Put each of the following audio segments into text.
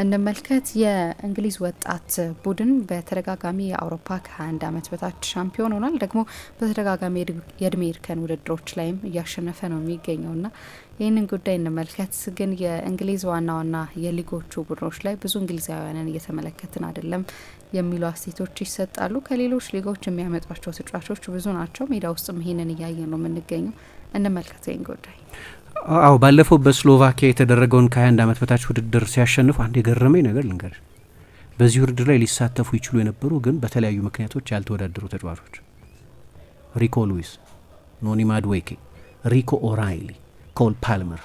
እንመልከት። የእንግሊዝ ወጣት ቡድን በተደጋጋሚ የአውሮፓ ከ21 ዓመት በታች ሻምፒዮን ሆኗል። ደግሞ በተደጋጋሚ የእድሜ እርከን ውድድሮች ላይም እያሸነፈ ነው የሚገኘው ና ይህንን ጉዳይ እንመልከት። ግን የእንግሊዝ ዋና ዋና የሊጎቹ ቡድኖች ላይ ብዙ እንግሊዛውያንን እየተመለከትን አይደለም የሚሉ አስተያየቶች ይሰጣሉ። ከሌሎች ሊጎች የሚያመጧቸው ተጫዋቾች ብዙ ናቸው። ሜዳ ውስጥም ይህንን እያየ ነው የምንገኘው። እንመልከት ይህን ጉዳይ አዎ ባለፈው በስሎቫኪያ የተደረገውን ከ21 ዓመት በታች ውድድር ሲያሸንፉ አንድ የገረመኝ ነገር ልንገር። በዚህ ውድድር ላይ ሊሳተፉ ይችሉ የነበሩ ግን በተለያዩ ምክንያቶች ያልተወዳደሩ ተጫዋቾች ሪኮ ሉዊስ፣ ኖኒ ማድዌኬ፣ ሪኮ ኦራይሊ፣ ኮል ፓልመር፣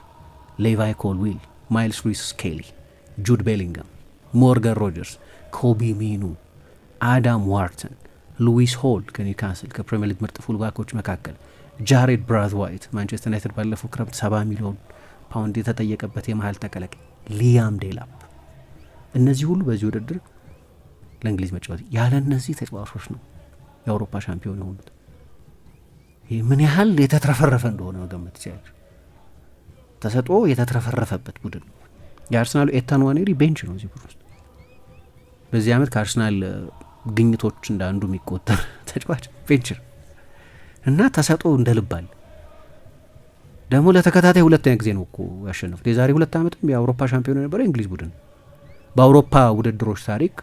ሌቫይ ዊል ማይልስ ሉዊስ ስኬሊ፣ ጁድ ቤሊንገም፣ ሞርጋን ሮጀርስ፣ ኮቢ ሚኑ፣ አዳም ዋርተን፣ ሉዊስ ሆል ከኒውካስል ከፕሪምየር ሊግ ምርጥ ፉልባኮች መካከል ጃሬድ ብራዝ ዋይት ማንቸስተር ዩናይትድ ባለፈው ክረምት ሰባ ሚሊዮን ፓውንድ የተጠየቀበት የመሀል ተከላካይ ሊያም ዴላፕ እነዚህ ሁሉ በዚህ ውድድር ለእንግሊዝ መጫወት ያለ እነዚህ ተጫዋቾች ነው የአውሮፓ ሻምፒዮን የሆኑት። ይህ ምን ያህል የተትረፈረፈ እንደሆነ መገመት ይችላል። ተሰጥቶ የተትረፈረፈበት ቡድን ነው። የአርሰናሉ ኤታን ዋኔሪ ቤንች ነው እዚህ ቡድን ውስጥ በዚህ ዓመት ከአርሰናል ግኝቶች እንደ አንዱ የሚቆጠር ተጫዋች ቤንች ነው። እና ተሰጦ እንደ ልባል ደግሞ ለተከታታይ ሁለተኛ ጊዜ ነው እኮ ያሸነፉት። የዛሬ ሁለት ዓመትም የአውሮፓ ሻምፒዮን የነበረው የእንግሊዝ ቡድን በአውሮፓ ውድድሮች ታሪክ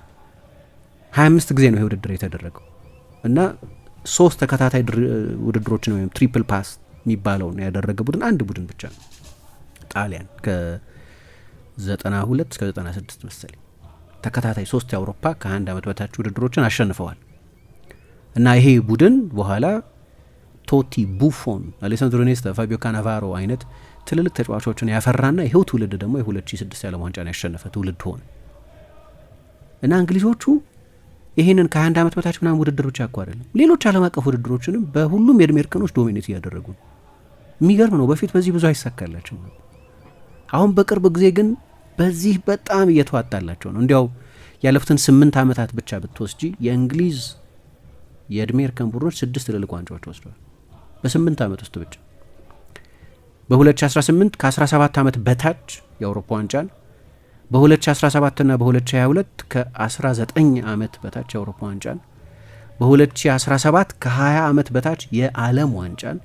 ሀያ አምስት ጊዜ ነው ይሄ ውድድር የተደረገው እና ሶስት ተከታታይ ነው ወይም ትሪፕል ፓስ የሚባለውን ያደረገ ቡድን አንድ ቡድን ብቻ ነው ጣሊያን ዘጠና ሁለት እስከ ዘጠና ስድስት መሰለኝ ተከታታይ ሶስት የአውሮፓ ከአንድ ዓመት በታች ውድድሮችን አሸንፈዋል እና ይሄ ቡድን በኋላ ቶቲ፣ ቡፎን፣ አሌሳንድሮ ኔስተ፣ ፋቢዮ ካናቫሮ አይነት ትልልቅ ተጫዋቾችን ያፈራና ይኸው ትውልድ ደግሞ የ2006 ዓለም ዋንጫን ያሸነፈ ትውልድ ሆነ እና እንግሊዞቹ ይህንን ከ21 ዓመት በታች ምናምን ውድድር ብቻ እኮ አይደለም ሌሎች ዓለም አቀፍ ውድድሮችንም በሁሉም የእድሜ እርከኖች ዶሚኔት እያደረጉ ነው። የሚገርም ነው። በፊት በዚህ ብዙ አይሳካላቸው ነበር። አሁን በቅርብ ጊዜ ግን በዚህ በጣም እየተዋጣላቸው ነው። እንዲያው ያለፉትን ስምንት ዓመታት ብቻ ብትወስጂ የእንግሊዝ የእድሜ እርከን ቡድኖች ስድስት ትልልቅ ዋንጫዎች ወስደዋል። በስምንት ዓመት ውስጥ ብቻ በ2018 ከ17 ዓመት በታች የአውሮፓ ዋንጫን በ2017ና በ2022 ከ19 ዓመት በታች የአውሮፓ ዋንጫን በ2017 ከ20 ዓመት በታች የዓለም ዋንጫን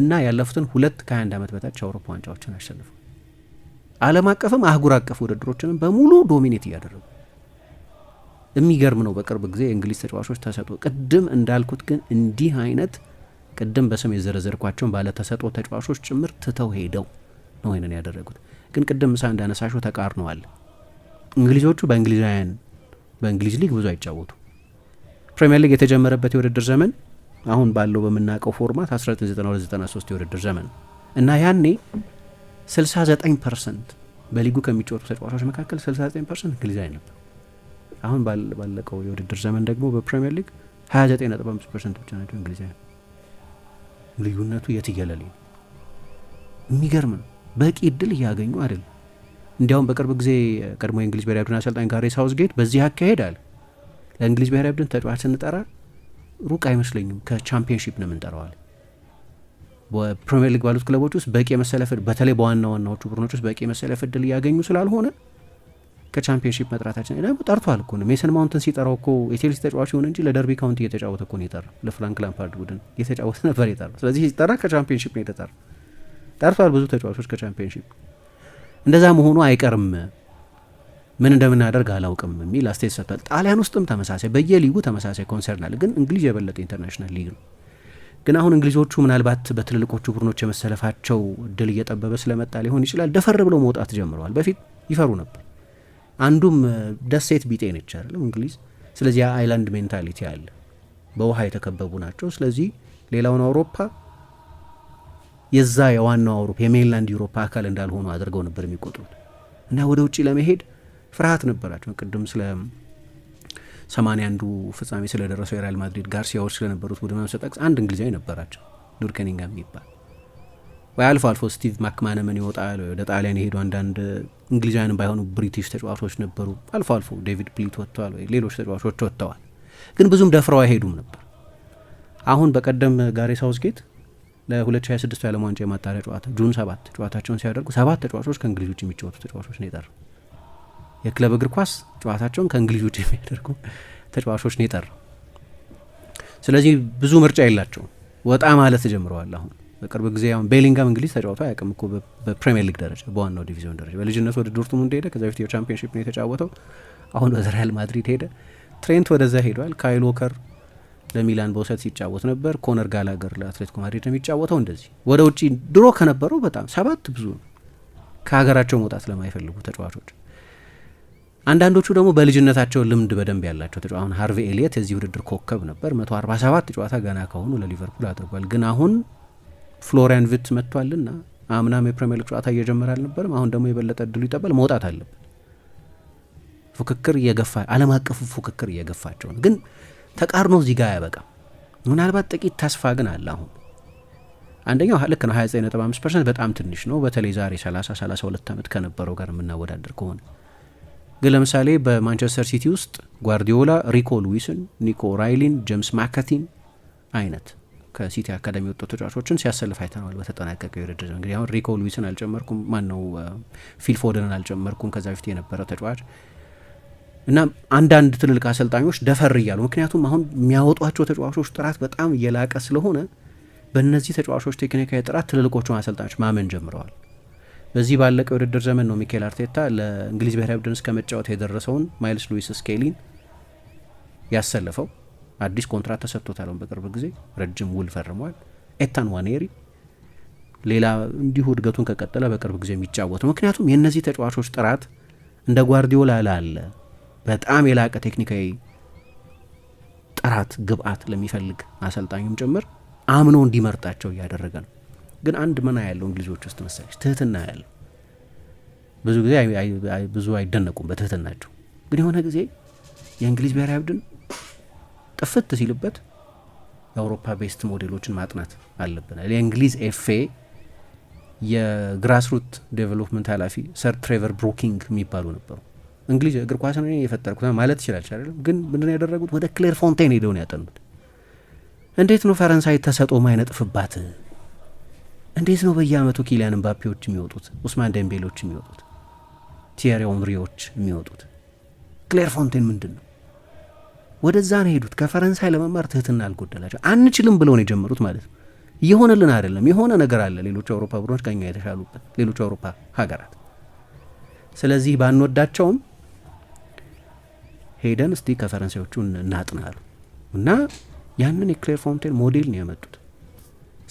እና ያለፉትን ሁለት ከ21 ዓመት በታች የአውሮፓ ዋንጫዎችን አሸንፉ። ዓለም አቀፍም አህጉር አቀፍ ውድድሮችንም በሙሉ ዶሚኔት እያደረጉ የሚገርም ነው። በቅርብ ጊዜ የእንግሊዝ ተጫዋቾች ተሰጥቶ ቅድም እንዳልኩት ግን እንዲህ አይነት ቅድም በስም የዘረዘርኳቸውን ባለተሰጥኦ ተጫዋቾች ጭምር ትተው ሄደው ነው ይንን ያደረጉት። ግን ቅድም ምሳ እንዳነሳሸው ተቃርነዋል። እንግሊዞቹ በእንግሊዛውያን በእንግሊዝ ሊግ ብዙ አይጫወቱ። ፕሪምየር ሊግ የተጀመረበት የውድድር ዘመን አሁን ባለው በምናውቀው ፎርማት 1992/93 የውድድር ዘመን እና ያኔ 69 ፐርሰንት በሊጉ ከሚጫወቱ ተጫዋቾች መካከል 69 ፐርሰንት እንግሊዛዊ ነበር። አሁን ባለቀው የውድድር ዘመን ደግሞ በፕሪምየር ሊግ 29.5 ፐርሰንት ብቻ ናቸው እንግሊዛዊ። ልዩነቱ የትየለሌ ነው። የሚገርም ነው። በቂ እድል እያገኙ አይደለም። እንዲያውም በቅርብ ጊዜ ቀድሞ የእንግሊዝ ብሔራዊ ቡድን አሰልጣኝ ጋሪ ሳውዝጌት በዚህ አካሄድ አለ ለእንግሊዝ ብሔራዊ ቡድን ተጫዋች ስንጠራ ሩቅ አይመስለኝም ከቻምፒየንሺፕ ነው የምንጠራዋል። በፕሪሚየር ሊግ ባሉት ክለቦች ውስጥ በቂ የመሰለፍ በተለይ በዋና ዋናዎቹ ቡድኖች ውስጥ በቂ የመሰለፍ እድል እያገኙ ስላልሆነ ከቻምፒዮንሺፕ መጥራታችን ደግሞ ጠርቷል እኮ ነው። ሜሰን ማውንትን ሲጠራው እኮ የቼልሲ ተጫዋች ይሁን እንጂ ለደርቢ ካውንቲ እየተጫወተ እኮ ነው የጠራው። ለፍራንክ ላምፓርድ ቡድን እየተጫወተ ነበር የጠራው። ስለዚህ ሲጠራ ከቻምፒዮንሺፕ ነው የተጠራ። ጠርቷል ብዙ ተጫዋቾች ከቻምፒዮንሺፕ። እንደዛ መሆኑ አይቀርም። ምን እንደምናደርግ አላውቅም የሚል አስተያየት ሰጥቷል። ጣሊያን ውስጥም ተመሳሳይ በየሊጉ ተመሳሳይ ኮንሰርን አለ። ግን እንግሊዝ የበለጠ ኢንተርናሽናል ሊግ ነው። ግን አሁን እንግሊዞቹ ምናልባት በትልልቆቹ ቡድኖች የመሰለፋቸው ድል እየጠበበ ስለመጣ ሊሆን ይችላል ደፈር ብለው መውጣት ጀምረዋል። በፊት ይፈሩ ነበር። አንዱም ደሴት ቢጤ ነች አይደለም እንግሊዝ። ስለዚህ የአይላንድ ሜንታሊቲ አለ፣ በውሃ የተከበቡ ናቸው። ስለዚህ ሌላውን አውሮፓ የዛ የዋናው አውሮፓ የሜንላንድ ዩሮፓ አካል እንዳልሆኑ አድርገው ነበር የሚቆጥሩት እና ወደ ውጭ ለመሄድ ፍርሃት ነበራቸው። ቅድም ስለ ሰማንያ አንዱ ፍጻሜ ስለደረሰው የሪያል ማድሪድ ጋርሲያዎች ስለነበሩት ቡድን አንድ እንግሊዛዊ ነበራቸው ዱርከኒንጋ የሚባል ወይ አልፎ አልፎ ስቲቭ ማክማነመን ይወጣል። ወደ ጣሊያን የሄዱ አንዳንድ እንግሊዛውያንም ባይሆኑ ብሪቲሽ ተጫዋቾች ነበሩ። አልፎ አልፎ ዴቪድ ፕሊት ወጥተዋል፣ ወይ ሌሎች ተጫዋቾች ወጥተዋል። ግን ብዙም ደፍረው አይሄዱም ነበር። አሁን በቀደም ጋሬ ሳውዝጌት ለ2026 የዓለም ዋንጫ የማጣሪያ ጨዋታ ጁን ሰባት ጨዋታቸውን ሲያደርጉ ሰባት ተጫዋቾች ከእንግሊዝ ውጭ የሚጫወቱ ተጫዋቾች ነው የጠራው። የክለብ እግር ኳስ ጨዋታቸውን ከእንግሊዝ ውጭ የሚያደርጉ ተጫዋቾች ነው የጠራው። ስለዚህ ብዙ ምርጫ የላቸውም፣ ወጣ ማለት ጀምረዋል አሁን በቅርብ ጊዜ ሁን ቤሊንጋም እንግሊዝ ተጫውቶ አያውቅም እኮ በፕሪሚየር ሊግ ደረጃ በዋናው ዲቪዚዮን ደረጃ። በልጅነት ወደ ዶርትሙንድ ሄደ። ከዚ በፊት የቻምፒዮንሺፕ ነው የተጫወተው። አሁን ወደ ሪያል ማድሪድ ሄደ። ትሬንት ወደዛ ሄዷል። ካይል ወከር ለሚላን በውሰት ሲጫወት ነበር። ኮነር ጋላገር ለአትሌቲኮ ማድሪድ ነው የሚጫወተው። እንደዚህ ወደ ውጭ ድሮ ከነበረው በጣም ሰባት ብዙ ነው። ከሀገራቸው መውጣት ለማይፈልጉ ተጫዋቾች አንዳንዶቹ ደግሞ በልጅነታቸው ልምድ በደንብ ያላቸው ተጫዋቾች አሁን ሀርቬ ኤሊየት የዚህ ውድድር ኮከብ ነበር። 147 ጨዋታ ገና ከሆኑ ለሊቨርፑል አድርጓል። ግን አሁን ፍሎሪያን ቪትስ መጥቷልና አምናም የፕሪሚየር ሊግ ጨዋታ እየጀመረ አልነበርም። አሁን ደግሞ የበለጠ እድሉ ይጠባል። መውጣት አለብን። ፉክክር እየገፋ ዓለም አቀፉ ፉክክር እየገፋቸው ነው። ግን ተቃርኖ እዚህ ጋር አያበቃም። ምናልባት ጥቂት ተስፋ ግን አለ። አሁን አንደኛው ልክ ነው 29.5 ፐርሰንት በጣም ትንሽ ነው። በተለይ ዛሬ 30 32 ዓመት ከነበረው ጋር የምናወዳደር ከሆነ ግን ለምሳሌ በማንቸስተር ሲቲ ውስጥ ጓርዲዮላ ሪኮ ሉዊስን፣ ኒኮ ራይሊን፣ ጄምስ ማካቲን አይነት ከሲቲ አካዳሚ የወጡ ተጫዋቾችን ሲያሰልፍ አይተነዋል። በተጠናቀቀ የውድድር እንግዲህ አሁን ሪኮ ሉዊስን አልጨመርኩም፣ ማን ነው ፊል ፎደንን አልጨመርኩም፣ ከዛ በፊት የነበረው ተጫዋች እና አንዳንድ ትልልቅ አሰልጣኞች ደፈር እያሉ ምክንያቱም አሁን የሚያወጧቸው ተጫዋቾች ጥራት በጣም እየላቀ ስለሆነ በእነዚህ ተጫዋቾች ቴክኒካዊ ጥራት ትልልቆቹን አሰልጣኞች ማመን ጀምረዋል። በዚህ ባለቀ የውድድር ዘመን ነው ሚኬል አርቴታ ለእንግሊዝ ብሔራዊ ቡድን እስከ መጫወት የደረሰውን ማይልስ ሉዊስ ስኬሊን ያሰለፈው። አዲስ ኮንትራት ተሰጥቶታል። በቅርብ ጊዜ ረጅም ውል ፈርሟል። ኤታን ዋኔሪ ሌላ እንዲሁ እድገቱን ከቀጠለ በቅርብ ጊዜ የሚጫወት ነው። ምክንያቱም የእነዚህ ተጫዋቾች ጥራት እንደ ጓርዲዮላ ላለ በጣም የላቀ ቴክኒካዊ ጥራት ግብአት ለሚፈልግ አሰልጣኙም ጭምር አምኖ እንዲመርጣቸው እያደረገ ነው። ግን አንድ ምና ያለው እንግሊዞች ውስጥ መሰለች ትህትና ያለው ብዙ ጊዜ ብዙ አይደነቁም በትህትናቸው። ግን የሆነ ጊዜ የእንግሊዝ ብሔራዊ ቡድን ጥፍት ሲልበት የአውሮፓ ቤስት ሞዴሎችን ማጥናት አለብን። የእንግሊዝ ኤፍኤ የግራስሩት ዴቨሎፕመንት ኃላፊ ሰር ትሬቨር ብሮኪንግ የሚባሉ ነበሩ። እንግሊዝ እግር ኳስ ነው የፈጠርኩት ማለት ይችላል አይደለም። ግን ምንድነው ያደረጉት? ወደ ክሌር ፎንቴን ሄደው ነው ያጠኑት። እንዴት ነው ፈረንሳይ ተሰጦ ማይነጥፍባት? እንዴት ነው በየአመቱ ኪሊያን ምባፔዎች የሚወጡት፣ ኡስማን ደምቤሎች የሚወጡት፣ ቲየሪ ኦምሪዎች የሚወጡት? ክሌር ፎንቴን ምንድን ነው? ወደዛ ነው የሄዱት። ከፈረንሳይ ለመማር ትህትና አልጎደላቸው አንችልም ብለው ነው የጀመሩት ማለት ነው። እየሆነልን አይደለም፣ የሆነ ነገር አለ። ሌሎች አውሮፓ ቡድኖች ከኛ የተሻሉበት ሌሎች አውሮፓ ሀገራት። ስለዚህ ባንወዳቸውም ሄደን እስቲ ከፈረንሳዮቹ እናጥና አሉ እና ያንን የክሌር ፎንቴን ሞዴል ነው የመጡት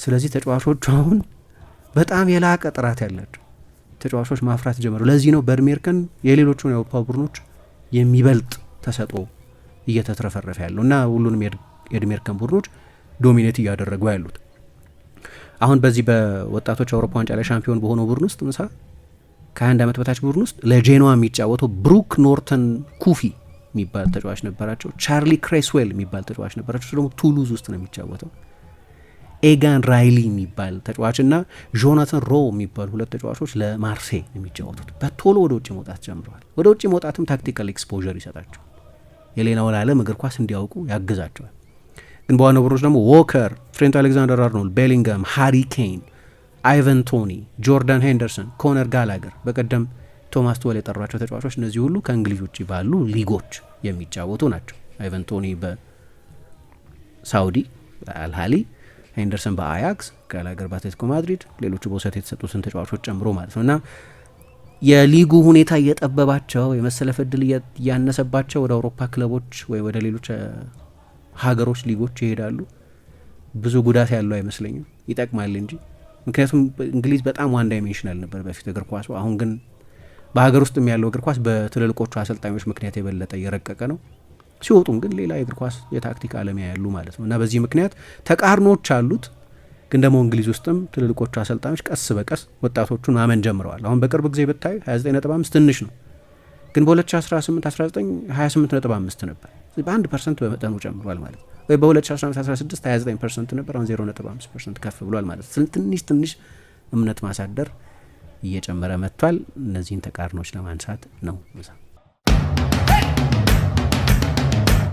ስለዚህ ተጫዋቾቹ አሁን በጣም የላቀ ጥራት ያላቸው ተጫዋቾች ማፍራት ጀመሩ። ለዚህ ነው በርሜርከን የሌሎቹን የአውሮፓ ቡድኖች የሚበልጥ ተሰጥኦ እየተትረፈረፈ ያለው እና ሁሉንም የዕድሜ እርከን ቡድኖች ዶሚኔት እያደረጉ ያሉት አሁን በዚህ በወጣቶች አውሮፓ ዋንጫ ላይ ሻምፒዮን በሆነው ቡድን ውስጥ ምሳ ከ ዓመት በታች ቡድን ውስጥ ለጄኖዋ የሚጫወተው ብሩክ ኖርተን ኩፊ የሚባል ተጫዋች ነበራቸው። ቻርሊ ክሬስዌል የሚባል ተጫዋች ነበራቸው። ደግሞ ቱሉዝ ውስጥ ነው የሚጫወተው። ኤጋን ራይሊ የሚባል ተጫዋች እና ጆናታን ሮ የሚባሉ ሁለት ተጫዋቾች ነው የሚጫወቱት በቶሎ ወደ ውጭ መውጣት ጀምረዋል። ወደ ውጭ መውጣትም ታክቲካል ኤክስፖዠር ይሰጣቸው የሌላውን ዓለም እግር ኳስ እንዲያውቁ ያግዛቸዋል። ግን በዋና ቡድኖች ደግሞ ዎከር፣ ትሬንት አሌክዛንደር አርኖልድ፣ ቤሊንጋም፣ ሃሪ ኬን፣ አይቨን ቶኒ፣ ጆርዳን ሄንደርሰን፣ ኮነር ጋላገር በቀደም ቶማስ ቶል የጠሯቸው ተጫዋቾች እነዚህ ሁሉ ከእንግሊዝ ውጭ ባሉ ሊጎች የሚጫወቱ ናቸው። አይቨን ቶኒ በሳውዲ አልሃሊ፣ ሄንደርሰን በአያክስ፣ ጋላገር በአትሌቲኮ ማድሪድ፣ ሌሎቹ በውሰት የተሰጡትን ተጫዋቾች ጨምሮ ማለት ነው እና የሊጉ ሁኔታ እየጠበባቸው የመሰለፍ እድል እያነሰባቸው ወደ አውሮፓ ክለቦች ወይ ወደ ሌሎች ሀገሮች ሊጎች ይሄዳሉ። ብዙ ጉዳት ያለው አይመስለኝም፣ ይጠቅማል እንጂ ምክንያቱም እንግሊዝ በጣም ዋን ዳይሜንሽናል ነበር በፊት እግር ኳሱ። አሁን ግን በሀገር ውስጥም ያለው እግር ኳስ በትልልቆቹ አሰልጣኞች ምክንያት የበለጠ እየረቀቀ ነው። ሲወጡም ግን ሌላ የእግር ኳስ የታክቲክ አለሚያ ያሉ ማለት ነው እና በዚህ ምክንያት ተቃርኖች አሉት። ግን ደግሞ እንግሊዝ ውስጥም ትልልቆቹ አሰልጣኞች ቀስ በቀስ ወጣቶቹን ማመን ጀምረዋል። አሁን በቅርብ ጊዜ ብታዩ 29.5 ትንሽ ነው፣ ግን በ2018 19 28.5 ነበር። በአንድ ፐርሰንት በመጠኑ ጨምሯል ማለት ነው። ወይ በ 2015 29 ፐርሰንት ነበር፣ አሁን 0.5 ፐርሰንት ከፍ ብሏል ማለት ነው። ትንሽ ትንሽ እምነት ማሳደር እየጨመረ መጥቷል። እነዚህን ተቃርኖች ለማንሳት ነው።